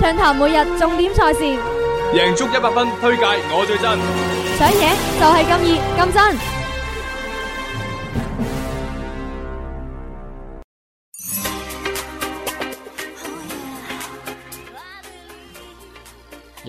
暢談每日重點賽事，贏足一百分，推介我最真，想贏就係咁易咁真。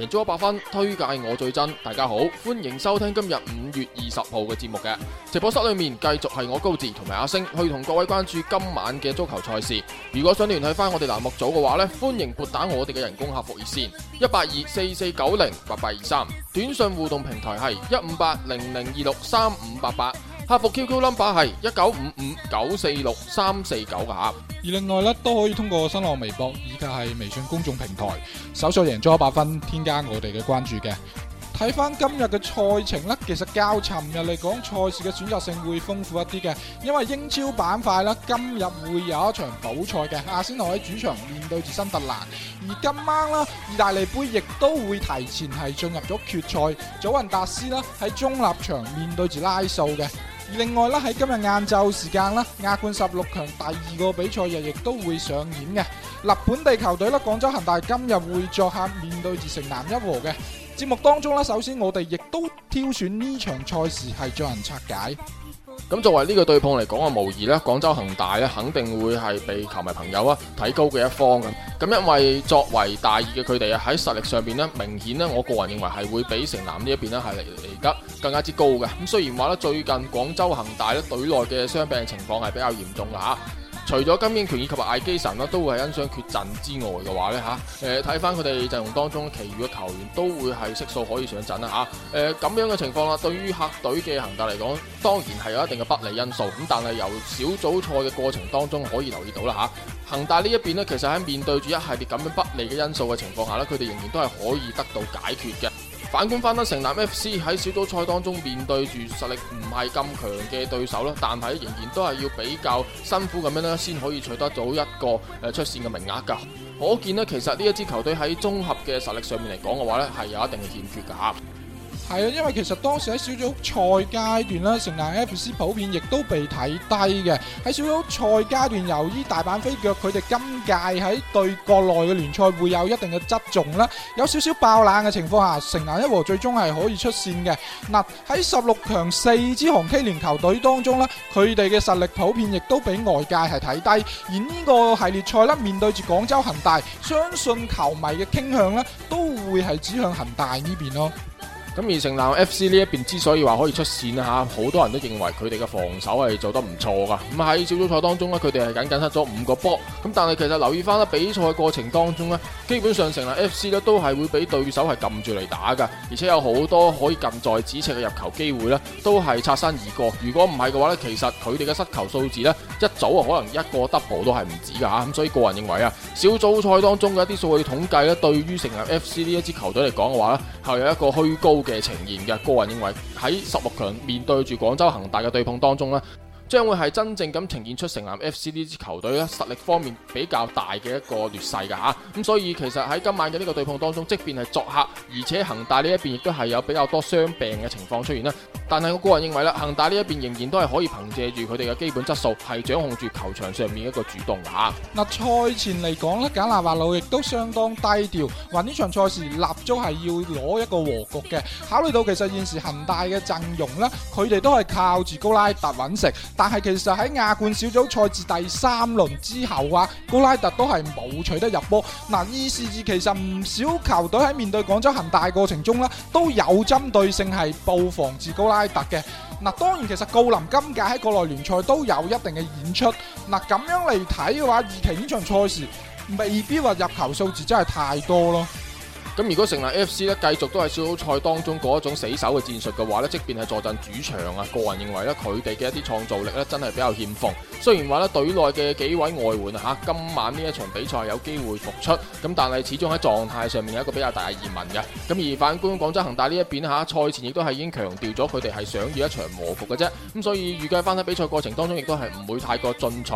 贏足一百分，推介我最真。大家好，歡迎收聽今日五月二十號嘅節目嘅直播室裏面，繼續係我高志同埋阿星去同各位關注今晚嘅足球賽事。如果想聯繫翻我哋欄目組嘅話呢，歡迎撥打我哋嘅人工客服熱線一八二四四九零八八二三，短信互動平台係一五八零零二六三五八八。客服 QQ 號碼係一九五五九四六三四九啊！而另外咧，都可以通過新浪微博以及係微信公眾平台搜索贏足一百分，添加我哋嘅關注嘅。睇翻今日嘅賽程咧，其實較尋日嚟講，賽事嘅選擇性會豐富一啲嘅。因為英超板塊咧，今日會有一場補賽嘅，阿仙奴喺主場面對住新特蘭。而今晚啦，意大利杯亦都會提前係進入咗決賽，祖雲達斯啦喺中立場面對住拉素嘅。另外啦，喺今日晏晝時間啦，亞冠十六強第二個比賽日亦都會上演嘅。嗱，本地球隊啦，廣州恆大今日會作客面對住城南一和嘅節目當中啦，首先我哋亦都挑選呢場賽事係進行拆解。咁作為呢個對碰嚟講啊，無疑呢廣州恒大呢肯定會係被球迷朋友啊睇高嘅一方咁。咁因為作為大熱嘅佢哋啊，喺實力上面，呢明顯呢，我個人認為係會比城南呢一邊呢係嚟得更加之高嘅。咁雖然話呢最近廣州恒大呢隊內嘅傷病情況係比較嚴重嘅嚇。除咗金英權以及艾基神啦，都會係欣賞缺陣之外嘅話咧，吓、呃，誒睇翻佢哋陣容當中其餘嘅球員都會係悉數可以上陣啦，吓、啊，誒、呃、咁樣嘅情況啦，對於客隊嘅恒大嚟講，當然係有一定嘅不利因素，咁但係由小組賽嘅過程當中可以留意到啦，吓、啊，恒大呢一邊咧，其實喺面對住一系列咁樣的不利嘅因素嘅情況下咧，佢哋仍然都係可以得到解決嘅。反觀翻啦，城南 F.C. 喺小組賽當中面對住實力唔係咁強嘅對手啦，但係仍然都係要比較辛苦咁樣呢先可以取得到一個誒出線嘅名額㗎。可見呢，其實呢一支球隊喺綜合嘅實力上面嚟講嘅話呢係有一定嘅欠缺㗎。係啊，因為其實當時喺小組賽階段咧，城南 FC 普遍亦都被睇低嘅。喺小組賽階段，由於大阪飛腳佢哋今屆喺對國內嘅聯賽會有一定嘅側重啦，有少少爆冷嘅情況下，城南一和最終係可以出線嘅。嗱，喺十六強四支韓 K 聯球隊當中呢，佢哋嘅實力普遍亦都比外界係睇低，而呢個系列賽啦，面對住廣州恆大，相信球迷嘅傾向呢，都會係指向恆大呢邊咯。咁而城南 F.C 呢一邊之所以話可以出線啊吓，好多人都認為佢哋嘅防守係做得唔錯噶。咁喺小組賽當中咧，佢哋係僅僅失咗五個波。咁但係其實留意翻啦，比賽過程當中咧，基本上城南 F.C 咧都係會俾對手係撳住嚟打噶，而且有好多可以近在咫尺嘅入球機會咧，都係擦身而過。如果唔係嘅話咧，其實佢哋嘅失球數字咧，一早啊可能一個 double 都係唔止噶吓。咁所以個人認為啊，小組賽當中嘅一啲數據統計咧，對於城南 F.C 呢一支球隊嚟講嘅話咧，係有一個虛高。嘅呈現嘅，個人認為喺十六強面對住廣州恒大嘅對碰當中咧，將會係真正咁呈現出城南 FC 呢支球隊咧實力方面比較大嘅一個劣勢㗎。吓，咁所以其實喺今晚嘅呢個對碰當中，即便係作客，而且恒大呢一邊亦都係有比較多傷病嘅情況出現啦。但係我個人認為啦，恒大呢一邊仍然都係可以憑借住佢哋嘅基本質素，係掌控住球場上面一個主動吓。嗱，賽前嚟講咧，簡拿華路亦都相當低調，話呢場賽事立足係要攞一個和局嘅。考慮到其實現時恒大嘅陣容咧，佢哋都係靠住高拉特搵食，但係其實喺亞冠小組賽至第三輪之後啊，高拉特都係冇取得入波。嗱，於是其實唔少球隊喺面對廣州恒大的過程中咧，都有針對性係布防至高拉。太突嘅，嗱，當然其實郜林今屆喺國內聯賽都有一定嘅演出，嗱，咁樣嚟睇嘅話，二期呢場賽事未必話入球數字真係太多咯。咁如果成日 FC 咧，繼續都係小組賽當中嗰一種死守嘅戰術嘅話咧，即便係坐鎮主場啊，個人認為咧，佢哋嘅一啲創造力咧，真係比較欠奉。雖然話咧隊內嘅幾位外援啊，下今晚呢一場比賽有機會復出，咁但係始終喺狀態上面有一個比較大嘅疑問嘅。咁而反觀廣州恒大呢一邊下，賽前亦都係已經強調咗佢哋係想要一場和局嘅啫，咁所以預計翻喺比賽過程當中，亦都係唔會太過進取。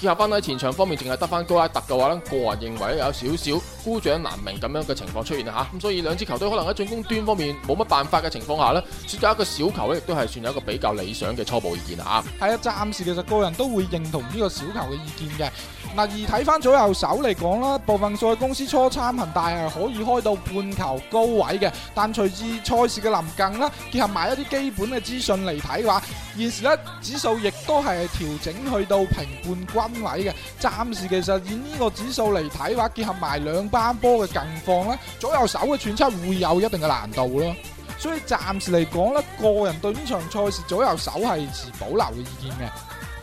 結合翻喺前場方面，淨係得翻高拉特嘅話咧，個人認為有少少孤掌難鳴咁樣嘅情況出現吓，咁所以兩支球隊可能喺進攻端方面冇乜辦法嘅情況下呢，選擇一個小球咧，亦都係算有一個比較理想嘅初步意見啦，吓。係啊，暫時其實個人都會認同呢個小球嘅意見嘅。嗱，而睇翻左右手嚟講啦，部分賽公司初參恒大係可以開到半球高位嘅，但隨住賽事嘅臨近啦，結合埋一啲基本嘅資訊嚟睇嘅話，現時咧指數亦都係調整去到平半均位嘅。暫時其實以呢個指數嚟睇嘅話，結合埋兩班波嘅近況咧，左右手嘅串出會有一定嘅難度咯。所以暫時嚟講咧，個人對呢場賽事左右手係持保留嘅意見嘅。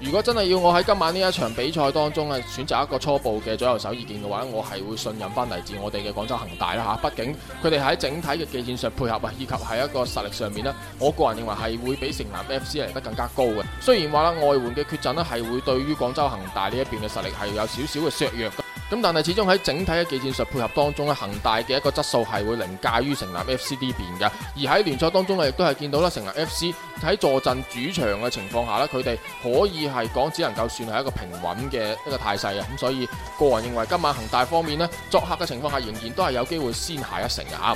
如果真係要我喺今晚呢一場比賽當中啊，選擇一個初步嘅左右手意見嘅話，我係會信任翻嚟自我哋嘅廣州恒大啦吓，畢竟佢哋喺整體嘅技戰術配合啊，以及係一個實力上面咧，我個人認為係會比城南 FC 嚟得更加高嘅。雖然話啦，外援嘅缺陣咧，係會對於廣州恒大呢一邊嘅實力係有少少嘅削弱。咁但係始終喺整體嘅技戰術配合當中咧，恒大嘅一個質素係會凌駕於城南 FC 呢邊嘅。而喺聯賽當中亦都係見到啦，城南 FC 喺坐鎮主場嘅情況下，佢哋可以係講只能夠算係一個平穩嘅一個態勢啊。咁所以個人認為今晚恒大方面呢，作客嘅情況下仍然都係有機會先下一城嘅啊。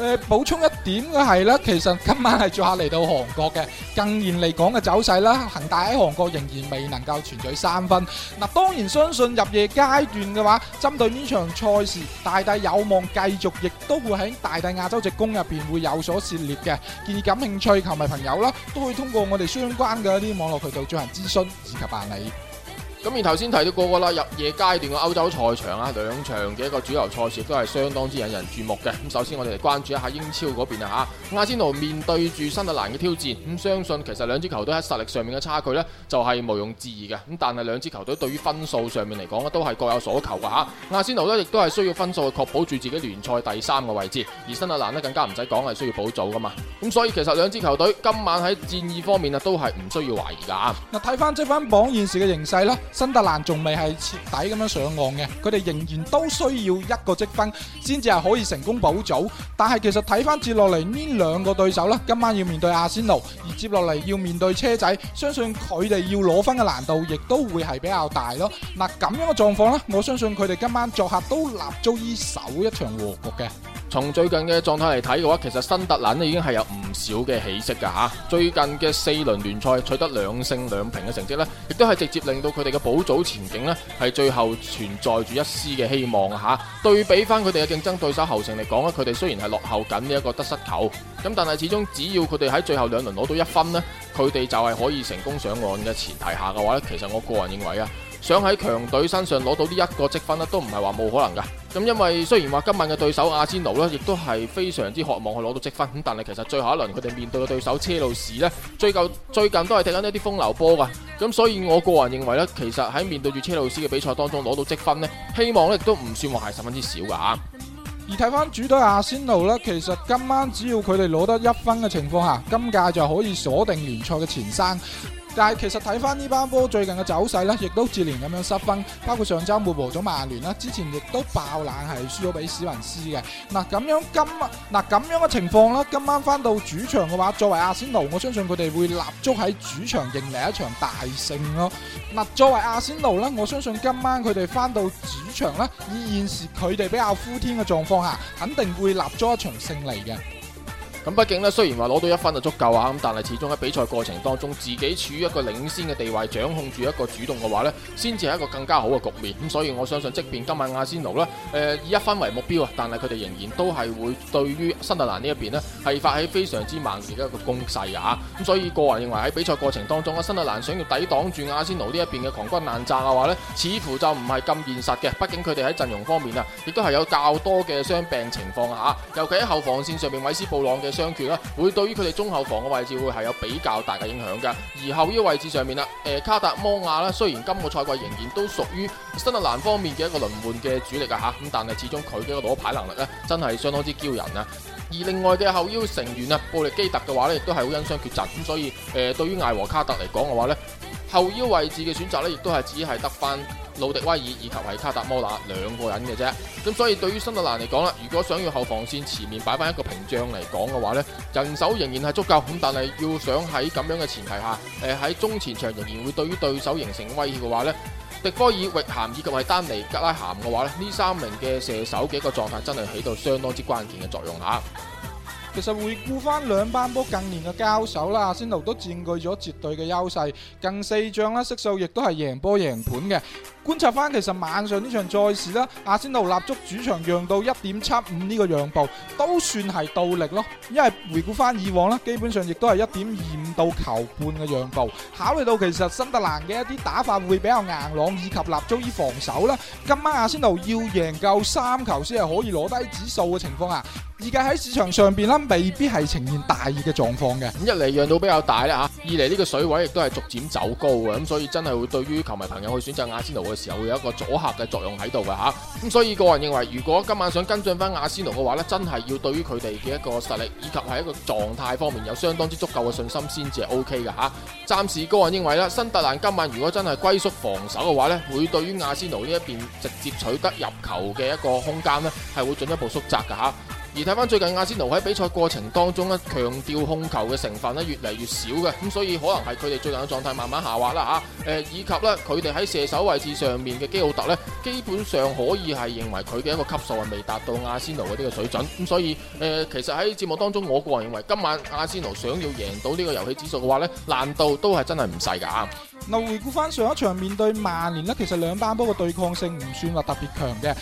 誒補充一點嘅係咧，其實今晚係作客嚟到韓國嘅，近年嚟講嘅走勢啦，恒大喺韓國仍然未能夠全取三分。嗱，當然相信入夜階段嘅話，針對呢場賽事，大帝有望繼續，亦都會喺大帝亞洲直攻入邊會有所涉獵嘅。建議感興趣球迷朋友啦，都可以通過我哋相關嘅一啲網絡渠道進行諮詢以及辦理。咁而頭先提到過個啦，入夜階段嘅歐洲賽場啊，兩場嘅一個主流賽事都係相當之引人注目嘅。咁首先我哋嚟關注一下英超嗰邊啊，吓，亞仙奴面對住新特蘭嘅挑戰，咁相信其實兩支球隊喺實力上面嘅差距呢就係毋庸置疑嘅。咁但係兩支球隊對於分數上面嚟講都係各有所求噶吓。亞仙奴呢亦都係需要分數去確保住自己聯賽第三個位置，而新特蘭呢更加唔使講係需要保組噶嘛。咁所以其實兩支球隊今晚喺戰意方面啊，都係唔需要懷疑噶。嗱，睇翻積分榜現時嘅形勢啦。新特蘭仲未係徹底咁樣上岸嘅，佢哋仍然都需要一個積分先至係可以成功保組。但係其實睇翻接落嚟呢兩個對手啦，今晚要面對阿仙奴，而接落嚟要面對車仔，相信佢哋要攞分嘅難度亦都會係比較大咯。嗱，咁樣嘅狀況咧，我相信佢哋今晚作客都立足於首一場和局嘅。從最近嘅狀態嚟睇嘅話，其實新特蘭都已經係有唔少嘅起色噶吓。最近嘅四輪聯賽取得兩勝兩平嘅成績呢，亦都係直接令到佢哋嘅保組前景咧係最後存在住一絲嘅希望吓。對比翻佢哋嘅競爭對手侯城嚟講咧，佢哋雖然係落後緊呢一個得失球，咁但係始終只要佢哋喺最後兩輪攞到一分呢，佢哋就係可以成功上岸嘅前提下嘅話呢，其實我個人認為啊，想喺強隊身上攞到呢一個積分呢，都唔係話冇可能噶咁因為雖然話今晚嘅對手阿仙奴呢，亦都係非常之渴望去攞到積分，咁但係其實最後一輪佢哋面對嘅對手車路士呢，最近最近都係踢緊一啲風流波噶，咁所以我個人認為呢，其實喺面對住車路士嘅比賽當中攞到積分呢，希望呢亦都唔算話係十分之少噶吓。而睇翻主隊阿仙奴呢，其實今晚只要佢哋攞得一分嘅情況下，今屆就可以鎖定聯賽嘅前三。但係其實睇翻呢班波最近嘅走勢咧，亦都接連咁樣失分，包括上周末和咗曼聯啦，之前亦都爆冷係輸咗俾史雲斯嘅。嗱咁樣今嗱咁樣嘅情況啦，今晚翻到主場嘅話，作為阿仙奴，我相信佢哋會立足喺主場迎嚟一場大勝咯。嗱，作為阿仙奴啦，我相信今晚佢哋翻到主場咧，以現時佢哋比較呼天嘅狀況下，肯定會立足一場勝利嘅。咁畢竟咧，雖然話攞到一分就足夠啊，咁但係始終喺比賽過程當中，自己處於一個領先嘅地位，掌控住一個主動嘅話呢，先至係一個更加好嘅局面。咁所以我相信，即便今晚阿仙奴呢，誒、呃、以一分為目標，但係佢哋仍然都係會對於新特蘭呢一邊呢，係發起非常之猛烈嘅一個攻勢啊。咁所以個人認為喺比賽過程當中，阿、啊、新特蘭想要抵擋住阿仙奴呢一邊嘅狂轟濫炸嘅話呢，似乎就唔係咁現實嘅。畢竟佢哋喺陣容方面啊，亦都係有較多嘅傷病情況啊，尤其喺後防線上面，韋斯布朗嘅。雙缺啦，會對於佢哋中後防嘅位置會係有比較大嘅影響噶，而後腰位置上面啦，誒、呃，卡達摩亞啦，雖然今個賽季仍然都屬於新特蘭方面嘅一個輪換嘅主力啊吓，咁但係始終佢嘅一個攞牌能力咧，真係相當之驕人啊！而另外嘅後腰成員啊，布力基特嘅話咧，亦都係好因傷缺陣，咁所以誒、呃，對於艾和卡達嚟講嘅話咧。後腰位置嘅選擇咧，亦都係只係得翻魯迪威爾以及係卡達摩拿兩個人嘅啫。咁所以對於新特蘭嚟講啦，如果想要後防線前面擺翻一個屏障嚟講嘅話咧，人手仍然係足夠。咁但係要想喺咁樣嘅前提下，誒喺中前場仍然會對於對手形成威脅嘅話呢，迪科爾域咸以及係丹尼格拉咸嘅話咧，呢三名嘅射手嘅一個狀態真係起到相當之關鍵嘅作用吓。其實回顧翻兩班波近年嘅交手啦，阿仙奴都佔據咗絕對嘅優勢，近四仗啦，色數亦都係贏波贏盤嘅。觀察翻，其實晚上呢場賽事啦，阿仙奴立足主場讓到一點七五呢個讓步，都算係倒力咯。因為回顧翻以往啦，基本上亦都係一點二五到球半嘅讓步。考慮到其實新特蘭嘅一啲打法會比較硬朗，以及立足於防守啦，今晚阿仙奴要贏夠三球先係可以攞低指數嘅情況下，啊，而家喺市場上邊啦。未必係呈現大熱嘅狀況嘅，咁一嚟讓度比較大呢，二嚟呢個水位亦都係逐漸走高嘅，咁所以真係會對於球迷朋友去選擇阿仙奴嘅時候，會有一個阻嚇嘅作用喺度嘅吓。咁所以個人認為，如果今晚想跟進翻阿仙奴嘅話呢，真係要對於佢哋嘅一個實力以及係一個狀態方面有相當之足夠嘅信心先至 OK 嘅吓。暫時個人認為啦，新特蘭今晚如果真係龜縮防守嘅話呢，會對於阿仙奴呢一邊直接取得入球嘅一個空間呢係會進一步縮窄嘅吓。而睇翻最近阿仙奴喺比賽過程當中咧，強調控球嘅成分咧越嚟越少嘅，咁所以可能係佢哋最近嘅狀態慢慢下滑啦吓。誒，以及呢，佢哋喺射手位置上面嘅基奧特呢，基本上可以係認為佢嘅一個級數係未達到阿仙奴嘅呢個水準。咁所以誒，其實喺節目當中，我個人認為今晚阿仙奴想要贏到呢個遊戲指數嘅話呢，難度都係真係唔細噶。嗱，回顧翻上一場面對曼聯呢，其實兩班波嘅對抗性唔算話特別強嘅。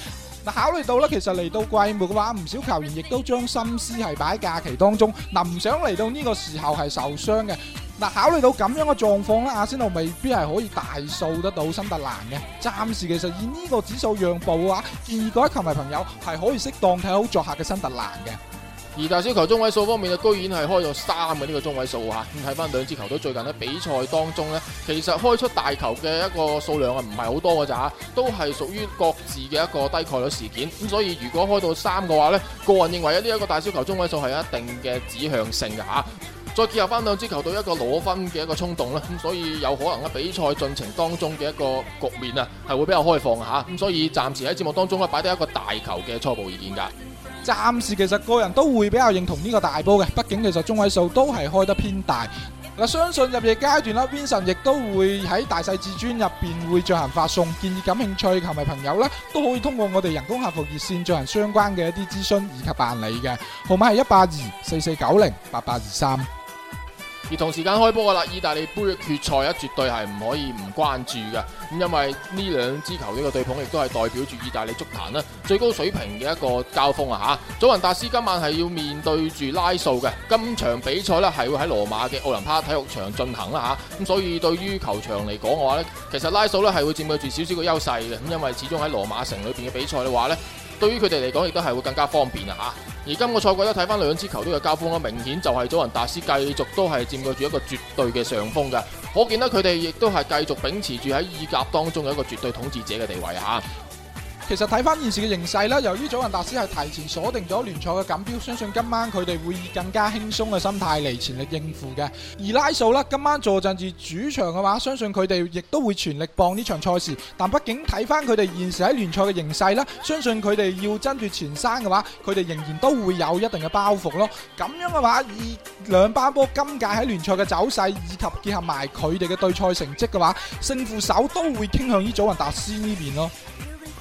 考慮到啦，其實嚟到季末嘅話，唔少球員亦都將心思係擺喺假期當中，嗱唔想嚟到呢個時候係受傷嘅。嗱，考慮到咁樣嘅狀況啦，阿仙奴未必係可以大掃得到新特蘭嘅。暫時其實以呢個指數讓步嘅話，建議各位球迷朋友係可以適當睇好作客嘅新特蘭嘅。而大小球中位數方面居然係開到三嘅呢個中位數吓。咁睇翻兩支球隊最近呢比賽當中呢，其實開出大球嘅一個數量啊，唔係好多㗎咋，都係屬於各自嘅一個低概率事件。咁所以如果開到三嘅話呢，個人認為呢一個大小球中位數係有一定嘅指向性嘅吓。再結合翻兩支球隊一個攞分嘅一個衝動呢，咁所以有可能咧比賽進程當中嘅一個局面啊，係會比較開放吓。咁所以暫時喺節目當中咧擺低一個大球嘅初步意見噶。暫時其實個人都會比較認同呢個大波嘅，畢竟其實中位數都係開得偏大。嗱，相信入夜階段啦，Vincent 亦都會喺大細至尊入邊會進行發送，建議感興趣球迷朋友呢，都可以通過我哋人工客服熱線進行相關嘅一啲諮詢以及辦理嘅，號碼係一八二四四九零八八二三。而同時間開波嘅啦，意大利杯嘅決賽咧，絕對係唔可以唔關注嘅。咁因為呢兩支球隊嘅對碰，亦都係代表住意大利足壇啦最高水平嘅一個交鋒啊！嚇，祖雲達斯今晚係要面對住拉素嘅。今場比賽咧係會喺羅馬嘅奧林匹克體育場進行啦嚇。咁所以對於球場嚟講嘅話咧，其實拉素咧係會佔據住少少嘅優勢嘅。咁因為始終喺羅馬城裏邊嘅比賽嘅話咧，對於佢哋嚟講亦都係會更加方便啊！嚇。而今個賽季咧，睇翻兩支球隊嘅交鋒，明顯就係祖雲達斯繼續都係佔據住一個絕對嘅上風嘅，可見咧佢哋亦都係繼續秉持住喺意甲當中嘅一個絕對統治者嘅地位吓。其實睇翻現時嘅形勢啦，由於祖云達斯係提前鎖定咗聯賽嘅錦標，相信今晚佢哋會以更加輕鬆嘅心態嚟全力應付嘅。而拉素啦，今晚坐鎮至主場嘅話，相信佢哋亦都會全力幫呢場賽事。但畢竟睇翻佢哋現時喺聯賽嘅形勢啦，相信佢哋要爭奪前三嘅話，佢哋仍然都會有一定嘅包袱咯。咁樣嘅話，以兩班波今屆喺聯賽嘅走勢，以及結合埋佢哋嘅對賽成績嘅話，勝負手都會傾向於祖雲達斯呢邊咯。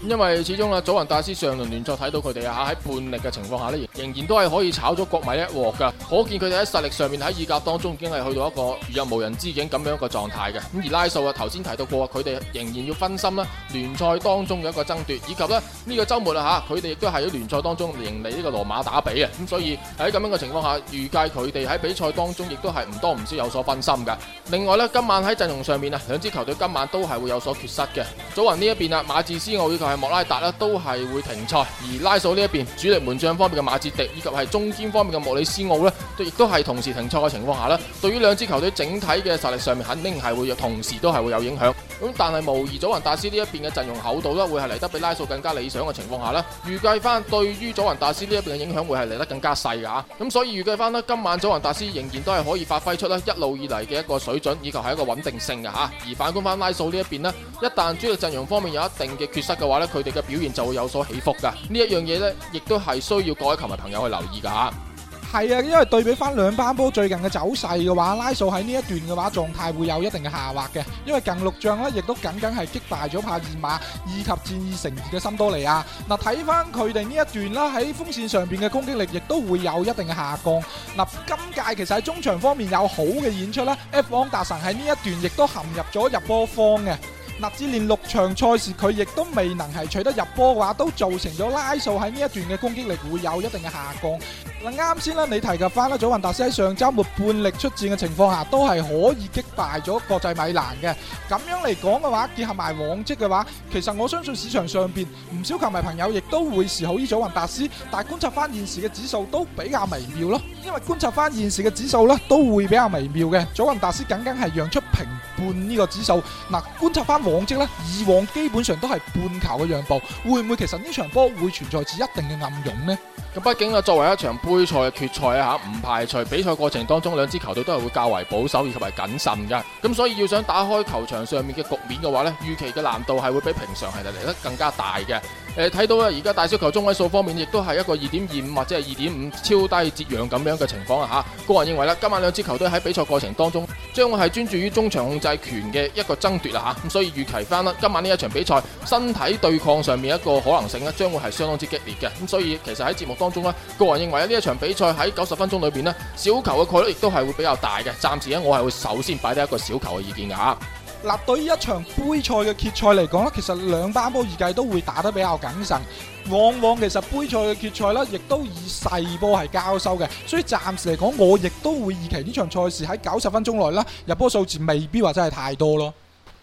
因為始終啊，祖雲大師上輪聯賽睇到佢哋啊喺半力嘅情況下呢，仍然都係可以炒咗國米一鑊噶，可見佢哋喺實力上面喺意甲當中已經係去到一個如入無人之境咁樣一個狀態嘅。咁而拉素啊，頭先提到過佢哋仍然要分心啦，聯賽當中嘅一個爭奪，以及咧呢個周末啊吓，佢哋亦都係喺聯賽當中迎嚟呢個羅馬打比啊。咁所以喺咁樣嘅情況下，預計佢哋喺比賽當中亦都係唔多唔少有所分心噶。另外呢，今晚喺陣容上面啊，兩支球隊今晚都係會有所缺失嘅。祖雲呢一邊啊，馬自斯奧係莫拉達都係會停賽，而拉素呢一邊主力門將方面嘅馬治迪，以及係中堅方面嘅莫里斯奧呢，亦都係同時停賽嘅情況下呢，對於兩支球隊整體嘅實力上面，肯定係會同時都係會有影響。咁但係無疑，祖雲達斯呢一邊嘅陣容厚度呢，會係嚟得比拉素更加理想嘅情況下呢，預計翻對於祖雲達斯呢一邊嘅影響會係嚟得更加細噶。咁所以預計翻呢，今晚祖雲達斯仍然都係可以發揮出一路以嚟嘅一個水準，以及係一個穩定性嘅吓。而反觀翻拉素呢一邊呢，一旦主力陣容方面有一定嘅缺失嘅話，佢哋嘅表現就會有所起伏噶，呢一樣嘢呢，亦都係需要各位球迷朋友去留意噶吓。係啊，因為對比翻兩班波最近嘅走勢嘅話，拉素喺呢一段嘅話狀態會有一定嘅下滑嘅。因為近六仗呢，亦都僅僅係擊敗咗帕爾馬以及戰意成疑嘅森多利亞。嗱，睇翻佢哋呢一段啦，喺鋒線上邊嘅攻擊力亦都會有一定嘅下降。嗱，今屆其實喺中場方面有好嘅演出咧，F 昂達臣喺呢一段亦都陷入咗入波荒嘅。乃至連六場賽事佢亦都未能係取得入波嘅話，都造成咗拉數喺呢一段嘅攻擊力會有一定嘅下降。嗱，啱先啦，你提及翻啦，祖雲達斯喺上周末半力出戰嘅情況下，都係可以擊敗咗國際米蘭嘅。咁樣嚟講嘅話，結合埋往績嘅話，其實我相信市場上邊唔少球迷朋友亦都會視好依祖雲達斯。但係觀察翻現時嘅指數都比較微妙咯，因為觀察翻現時嘅指數咧都會比較微妙嘅。祖雲達斯僅僅係讓出平半呢個指數，嗱，觀察翻。往績咧，以往基本上都係半球嘅讓步，會唔會其實呢場波會存在住一定嘅暗湧呢？咁畢竟啊，作為一場杯賽嘅決賽啊，嚇唔排除比賽過程當中兩支球隊都係會較為保守以及係謹慎嘅。咁所以要想打開球場上面嘅局面嘅話咧，預期嘅難度係會比平常係嚟得更加大嘅。誒、呃、睇到啊，而家大小球中位數方面亦都係一個二點二五或者係二點五超低折讓咁樣嘅情況啊，嚇個人認為啦，今晚兩支球隊喺比賽過程當中將會係專注於中場控制權嘅一個爭奪啦，嚇咁所以預期翻啦，今晚呢一場比賽身體對抗上面一個可能性咧，將會係相當之激烈嘅。咁所以其實喺節目當中當中啦，個人認為呢一場比賽喺九十分鐘裏邊咧，小球嘅概率亦都係會比較大嘅。暫時咧，我係會首先擺低一個小球嘅意見噶。嗱，對於一場杯賽嘅決賽嚟講咧，其實兩班波預計都會打得比較謹慎。往往其實杯賽嘅決賽呢，亦都以細波係交收嘅。所以暫時嚟講，我亦都會預期呢場賽事喺九十分鐘內呢，入波數字未必話真係太多咯。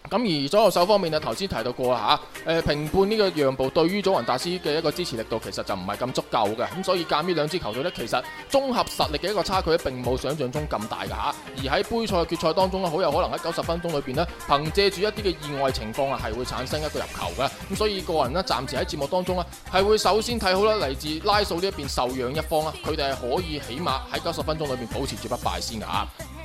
咁而左右手方面啊，頭先提到過啦嚇，誒平半呢個讓步對於祖雲達斯嘅一個支持力度其實就唔係咁足夠嘅，咁所以介於呢兩支球隊呢，其實綜合實力嘅一個差距呢，並冇想象中咁大㗎。而喺杯賽嘅決賽當中呢，好有可能喺九十分鐘裏面呢，憑借住一啲嘅意外情況啊，係會產生一個入球嘅，咁所以個人呢，暫時喺節目當中呢，係會首先睇好呢嚟自拉素呢一邊受讓一方啊，佢哋係可以起碼喺九十分鐘裏面保持住不敗先㗎。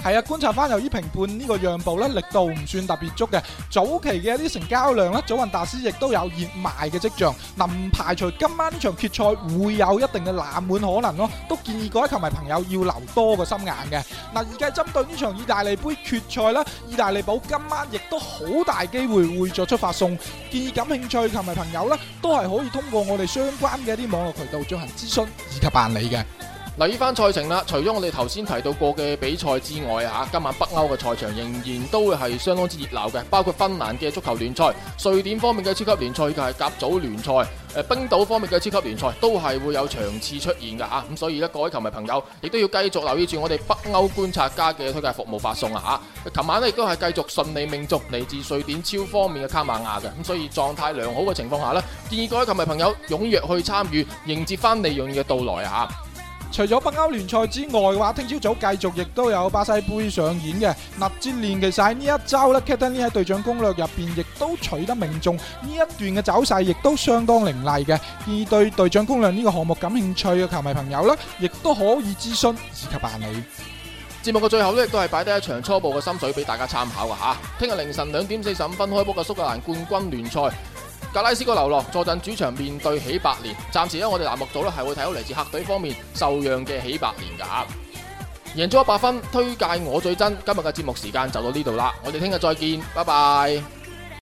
係啊，觀察翻由於評判呢個讓步咧力度唔算特別足嘅，早期嘅一啲成交量咧，祖雲達斯亦都有熱賣嘅跡象。能排除今晚呢場決賽會有一定嘅冷門可能咯，都建議各位球迷朋友要留多個心眼嘅。嗱，而家針對呢場意大利杯決賽咧，意大利寶今晚亦都好大機會會作出發送，建議感興趣球迷朋友咧都係可以通過我哋相關嘅啲網絡渠道進行諮詢以及辦理嘅。嗱，依番賽程啦，除咗我哋頭先提到過嘅比賽之外，今晚北歐嘅賽場仍然都會係相當之熱鬧嘅，包括芬蘭嘅足球聯賽、瑞典方面嘅超級聯賽，就係甲組聯賽；冰島方面嘅超級聯賽都係會有場次出現嘅，咁所以呢，各位球迷朋友，亦都要繼續留意住我哋北歐觀察家嘅推介服務發送啊，嚇。琴晚呢，亦都係繼續順利命中嚟自瑞典超方面嘅卡馬亞嘅，咁所以狀態良好嘅情況下呢，建議各位球迷朋友踴躍去參與迎接翻利潤嘅到來！除咗北歐聯賽之外嘅話，聽朝早繼續亦都有巴西杯上演嘅。納茲連其實喺呢一周呢 Captain Lee 喺隊長攻略入邊亦都取得命中，呢一段嘅走勢亦都相當凌厲嘅。而對隊長攻略呢個項目感興趣嘅球迷朋友呢，亦都可以諮詢，以及辦理。節目嘅最後呢，亦都係擺低一場初步嘅心水俾大家參考嘅吓。聽日凌晨兩點四十五分開波嘅蘇格蘭冠軍聯賽。格拉斯哥流浪坐鎮主場面對起百年，暫時呢我哋欄目組呢係會睇到嚟自客隊方面受讓嘅起百年噶，贏足 100FUN，推介我最真。今日嘅節目時間就到呢度啦，我哋聽日再見，拜拜。